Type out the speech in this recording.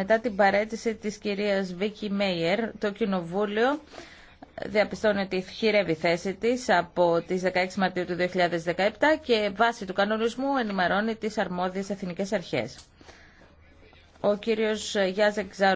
Μετά την παρέτηση της κυρίας Βίκη Μέιερ, το Κοινοβούλιο διαπιστώνει ότι χειρεύει θέση της από τις 16 Μαρτίου του 2017 και βάσει του κανονισμού ενημερώνει τις αρμόδιες εθνικές αρχές. Ο κύριος Γιάζεκ